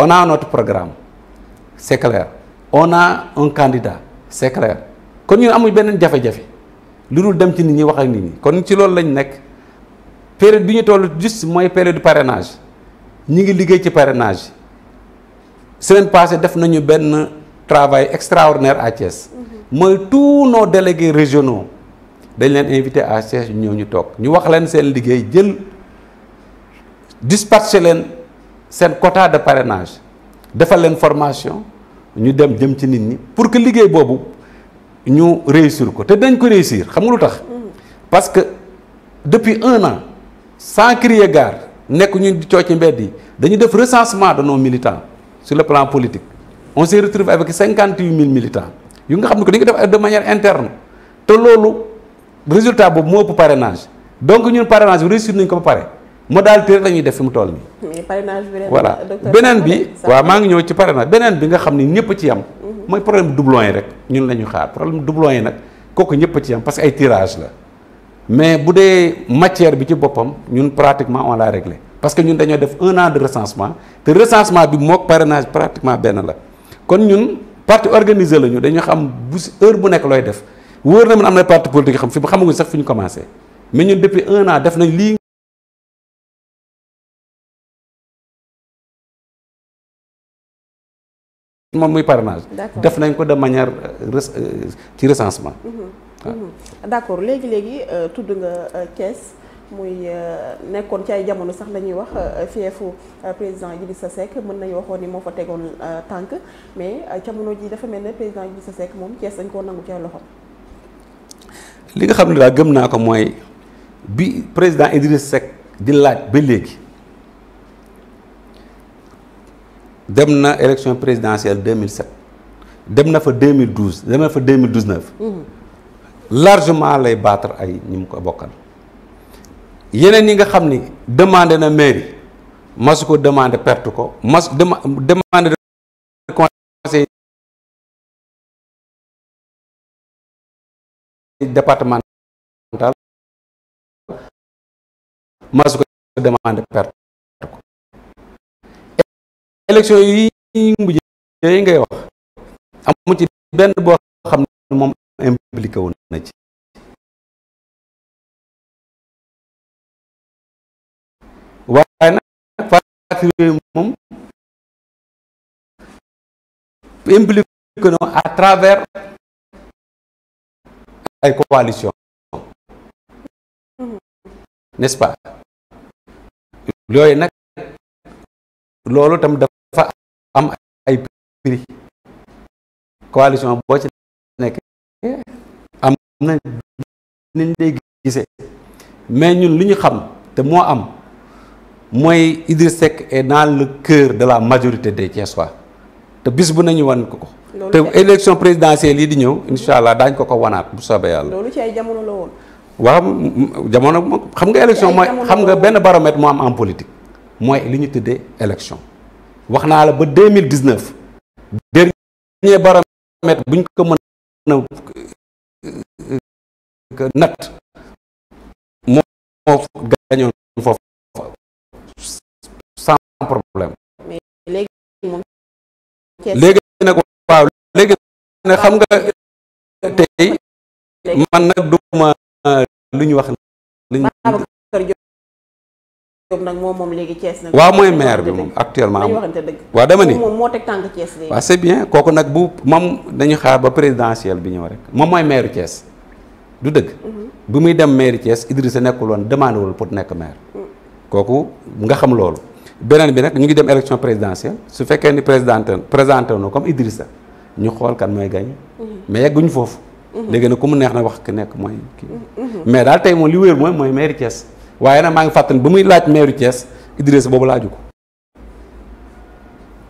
on a notre programme c'est clair on a un candidat c'est kon ñun amuñ beneen jafe-jafe lu dul dem ci nit ñi wax ak nit ñi kon ci loolu lañ nekk période bi ñu toll juste mooy période du parrainage ñi ngi liggéey ci parrainage semaine passée def nañu benn travail extraordinaire à Thiès mhm. mooy tous nos délégué régionaux dañ leen invité à Thiès ñëw ñu toog ñu wax leen seen liggéey jël dispatché leen C'est un quota de parrainage defal leen formation ñu dem dem ci nit pour que nous réussissions ñu réussir ko té dañ ko réussir xam nga mm. parce que depuis un an sans crier gare nous ñu di dañu def recensement de nos militants sur le plan politique on s'est retrouvé avec 58 000 militants yu nga ko de manière interne le lolu résultat bobu mo parrainage donc ñun parrainage réussir nañ ko modalité rek la ñuy def fi mu tool nii. mais parrainage bi voilà beneen bi. waaw maa ngi ñëw ci parrainage beneen bi nga xam ni ñëpp ci yam. Mhm. mooy problème doublon yi rek ñun la ñu xaar problème doublon yi nag kooku ñëpp ci yam parce que ay tirage la mais bu dee matière bi ci boppam ñun pratiquement on l'a réglé parce que ñun dañoo def un an de recensement te recensement bi mook pratiquement benn la kon ñun parti organiser la ñu dañu xam bu heure bu nekk looy def wóor na mën am na parti politique xam fi xamaguñ sax ñu commencé mais ñun depuis moom muy parrainage. def nañ ko de manière euh, euh, ci recensement. Mhm. Mhm. d' accord léegi léegi euh, tudd nga Thiès muy nekkoon ci ay jamono sax la ñuy wax fiefu président Idrissa Seck mën nañu waxoon ni moo fa tegoon tànk mais jamono ji dafa mel ne président Idrissa Seck moom Thiès dañ koo nangu ci loxo. li nga xam ne daal gëm naa ko mooy bi président Idrissa Seck di laaj ba léegi. dem na élection présidentielle 2007 dem na fa 2012 dem na fa 2019. largement lay battre ay nim ko bokkal. yeneen yi nga xamni demander demandé na mairie masu ko demandé perte ko mas demandé de conseil départemental masu ko demandé perte élection yi mujj yooyu ngay wax amu ci benn boo xam ne moom impliqué woon na ci waaye nag parti yooyu moom impliqué na à travers ay coalition nest pas yooyu nag loolu tam La am ay coalition ci nekk am na de la mais ñun li ñu xam am Idriss Seck est dans le cœur de la majorité des Thiessois te bis nañu wan ko ko élection présidentielle yi di ñëw ko ko bu ci ay jamono la woon jamono xam nga élection baromètre en politique mooy li wax naa la ba deux mille dix neuf dernier baromètre buñ ko mën a euh, euh, natt moo moo gañoon foofu sans problème. léegi nag waaw léegi nag xam nga tey man nag duma euh, lu ñu wax luñ waaw mooy maire bi moom actuellement waaw dama ni waaw c'est bien kooku nag bu moom dañu xaar ba présidentielle bi ñëw rek moom mooy maire Thiès du dëgg mm-hmm. bi muy dem maire Thiès Idrissa nekkul woon demandé wul pour nekk maire mm. kooku nga xam loolu beneen bi nag ñu ngi dem élection présidentielle su fekkee ni présidente présenté na comme Idrissa ñu xool kan mooy gagné mm-hmm. mais yegguñu foofu mm-hmm. léegi nag ku mu neex na wax ki nekk mooy mais daal tey moom li wéer mooy mooy maire waaye nag maa ngi fàttali ba muy laaj maire Thiès Idrissa boobu laaju ko.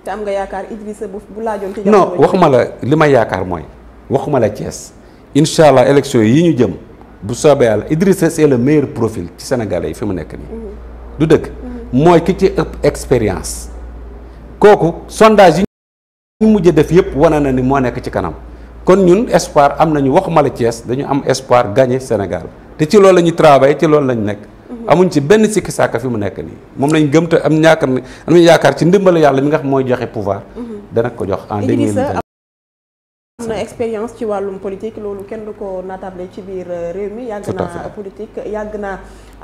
te am nga yaakaar bu bu laajoon ci non waxuma la li ma yaakaar mooy waxuma la Thiès incha allah élection yi ñu jëm bu soobee yàlla Idrissa c'est le meilleur profil ci Sénégalais yi fi mu nekk nii. Mhm. du dëkk mhm. mooy ki ci ëpp expérience. kooku sondage yi ñu mujj def yëpp wane na ni moo nekk ci kanam kon ñun espoir am nañu waxuma la Thiès dañu am espoir gagner Sénégal te ci loolu la ñu travailler ci loolu la ñu nekk. amuñ ci benn sikki sàkka fi mu nekk nii moom lañ gëm te am ñaakar am nañ yaakaar ci ndimbal yàlla mi nga xam mooy joxe pouvoir mm-hmm. dana ko jox en 2020 am na expérience ci wàllum politique loolu kenn du ko naatable ci biir euh, réew mi yàgg na politique yàgg naa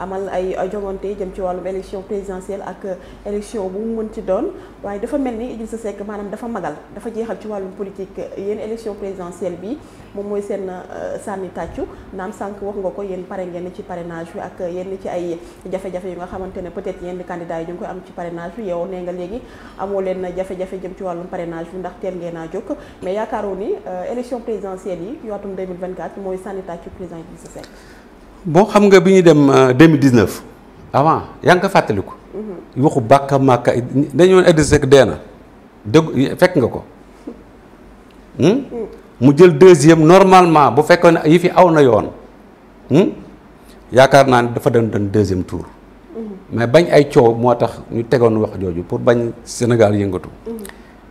amal ay jongante jëm ci wàllum élection présidentielle ak euh, élection bu mu mënti doon waaye dafa mel ni Idrissa Seck maanaam dafa magal dafa jeexal ci wàllum politique yéen élection présidentielle bi moom mooy seen euh, sànni tàccu naam sànq wax nga ko yéen pare ngeen ci parrainage bi ak yenn ci ay jafe-jafe yu nga xamante ne peut-être yenn candidat yi ñu ngi koy am ci parrainage bi yow nee nga léegi amoo leen jafe-jafe jëm ci wàllum parrainage bi ndax teel ngeen a jóg mais yaakaaroo ni Euh, élection présidentielle yi yu atum 2024 mooy sànni tàccu président Idrissa Seck. boo xam nga bi ñu dem 2019 euh, avant yaa ngi ko fàttaliku. waxu mhm. bàkka màkka dañoo woon Idrissa dee na dëgg fekk nga ko. Hmm? Hmm. mu jël deuxième normalement bu fekkoon yi fi aw na yoon. Hmm? yaakaar naa ne dafa doon doon deuxième tour. Mhm. mais bañ ay coow moo tax ñu tegoon wax jooju pour bañ Sénégal yëngatu. Mhm.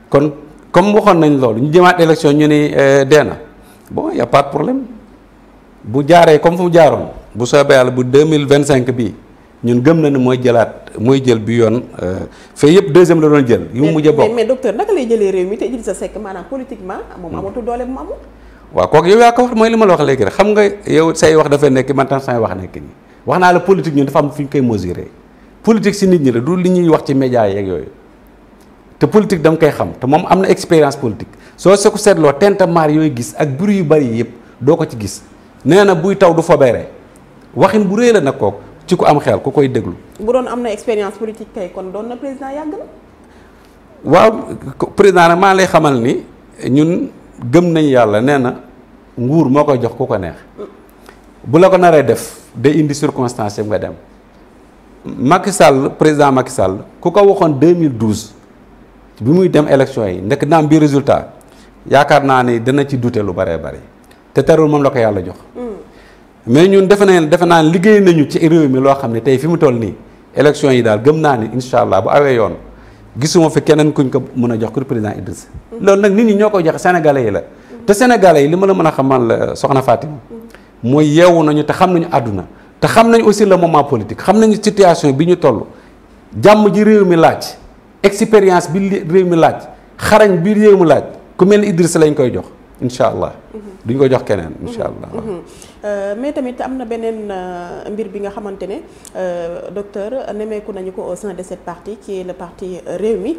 kon comme waxoon nañ loolu ñu jëmaat élection ñu ni euh, dee na bon y' problème bu jaaree comme fu mu jaaroon bu soobee yàlla bu deux mille vingt cinq bii ñun gëm na ni mooy jëlaat mooy jël bi yoon euh, fee yëpp deuxième la doon jël. yu mu mujj a lay jëlee réew mi te Idrissa maanaam politiquement. moom hmm. doole bu mu amul. waaw kooku yow yaa ko wax mooy li ma la wax léegi rek xam nga yow say wax dafay nekk man tam say wax nekk nii wax naa la politique ñun dafa am fu ñu koy mesurer politique si nit ñi la du li ñuy wax ci média yeeg yooyu. te politique da koy xam te moom am na expérience politique soo se ko seetloo tintamarre yooyu gis ak bruit yu bari yëpp doo ko ci gis nee na buy taw du fobeere waxin bu rëy la nag kooku ci ku am xel ku koy déglu. bu doon am na expérience politique tey kon doon na président yàgg na. waaw président nag maa lay xamal ni ñun gëm nañ yàlla nee na nguur moo koy jox ku ko neex bu la ko naree def day indi circonstance mu nga dem Macky Sall président Macky Sall ku ko waxoon 2012. bi muy dem élection yi ndekk naam bi résultat yaakaar naa ni dina ci dute lu bëree bëri te terul moom la ko yàlla jox. Mm. mais ñun defe nañ defe naa liggéey nañu ci réew mi loo xam ne tey fi mu toll nii élection yi daal gëm naa ni incha allah bu awee yoon gisuma fi keneen kuñ ko mun a jox ku président Idriss. Mm. loolu nag nit ñi ñoo koy joxe sénégalais yi la. te mm. sénégalais yi li ma la mën a xamal euh, soxna Fatima. mooy yeewu nañu te xam nañu àdduna te xam nañu aussi le moment politique xam nañu situation bi ñu toll jàmm ji réew mi laaj. expérience bi réew mi laaj xarañ bi réew mi laaj ku mel ni Idrissa lañu koy jox incha allah. Mm-hmm. duñ ko jox keneen mm-hmm. incha allah. Mm-hmm. Euh, mais tamit am na beneen euh, mbir bi nga xamante ne euh, docteur nemeeku nañu ko au sein de cette partie qui est le parti Rewmi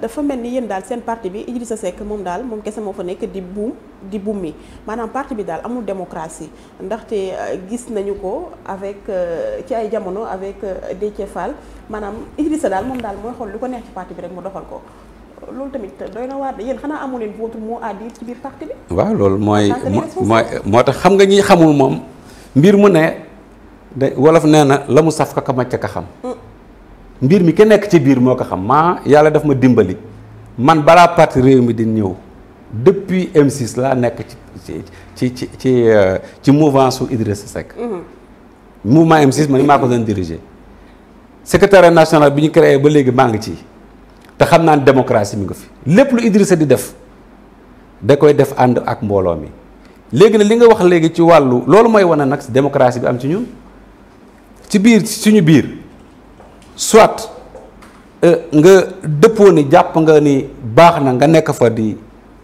dafa mel ni yéen daal seen parti bi Idrissa Seck moom daal moom kese moo fa nekk di buum di buum mi maanaam parti bi daal amul démocratie ndaxte gis nañu ko avec ci ay jamono avec Déthié Fall maanaam Idrissa daal moom daal mooy xool lu ko neex ci parti bi rek mu doxal ko. loolu tamit doy na waar amu leen votre mot waaw loolu mooy mooy moo tax xam nga ñi xamul moom mbir mu ne de wolof nee na la mu saf kaka macc ka xam. Mm. mbir mi ke nekk ci biir moo ko xam maa yàlla daf ma dimbali man balaa parti réew mi di ñëw depuis m laa nekk ci ci ci ci ci euh, mouvement su Idrissa Seck. Mm-hmm. mouvement M6 man maa ko doon diriger secrétaire national bi ñu créé ba léegi maa ngi ci. te xam naa ne démocratie mi ngi fi lépp lu Idrissa di def da koy def ànd ak mbooloo mi léegi nag li nga wax léegi ci wàllu loolu mooy wane nag démocratie bi am ci ñun ci biir suñu biir soit euh, nga dëppoo ni jàpp nga ni baax na nga nekk fa di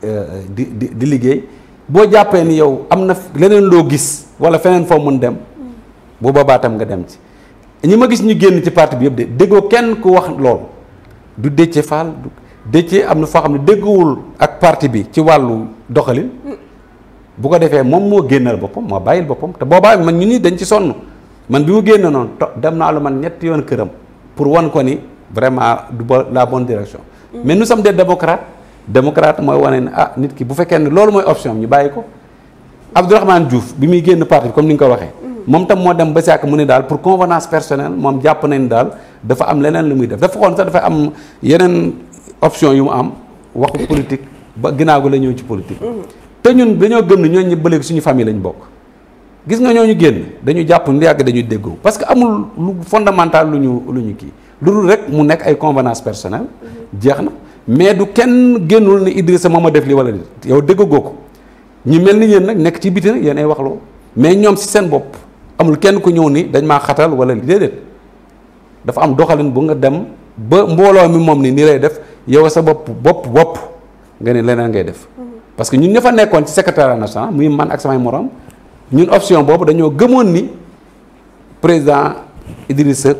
euh, di di di liggéey boo jàppee ni yow am na leneen loo gis walla feneen foo mun dem bu boobaa nga dem ci ñi ma gis ñu génn ci parti bi yëpp de déggoo kenn ku wax lool du Déthié Fall du am na foo xam ne dégguwul ak parti bi ci wàllu doxalin bu ko defee moom moo génnal boppam moo bàyyil boppam te boobaa man ñu ni dañ ci sonn man bi mu génn noonu dem naa lu man ñetti yoon këram pour wan ko ni vraiment du ba la bonne direction mm. mais nous sommes des démocrates démocrate mooy wane ne ah nit ki bu fekkee ne loolu mooy option ñu bàyyi ko Abdourahmane Diouf bi muy génn parti bi comme ni nga ko waxee mm. moom tam moo dem ba si ak ne daal pour convenance personnelle moom jàpp nañ daal dafa am leneen lu muy def dafa xool sax dafay am yeneen option yu mu am waxu politique ba ginnaaw gi la ñëw ci politique. Mhm. te ñun dañoo gëm ne ñooñu ba léegi suñu famille lañu bokk. gis nga ñoo ñu génn dañu jàpp lu yàgg dañu déggoo parce que amul lu fondamental lu ñu lu ñu kii lu dul rek mu nekk ay convenance personnel mhm. jeex na mais du kenn génnul ne Idrissa moom a def li wala di yow déggagoo ko ñu mel ni yéen nag nekk ci biti nag yéen ay waxloo mais ñoom si seen bopp amul kenn ku ñëw ni dañ maa xatal wala li dafa am doxalin bu nga dem ba mbooloo mi moom ni nii lay def yow sa bopp bopp bopp nga ne leneen ngay def. parce que ñun ña fa nekkoon ci secrétariat national muy man ak samay moroom ñun option boobu dañoo gëmoon ni président Idrissa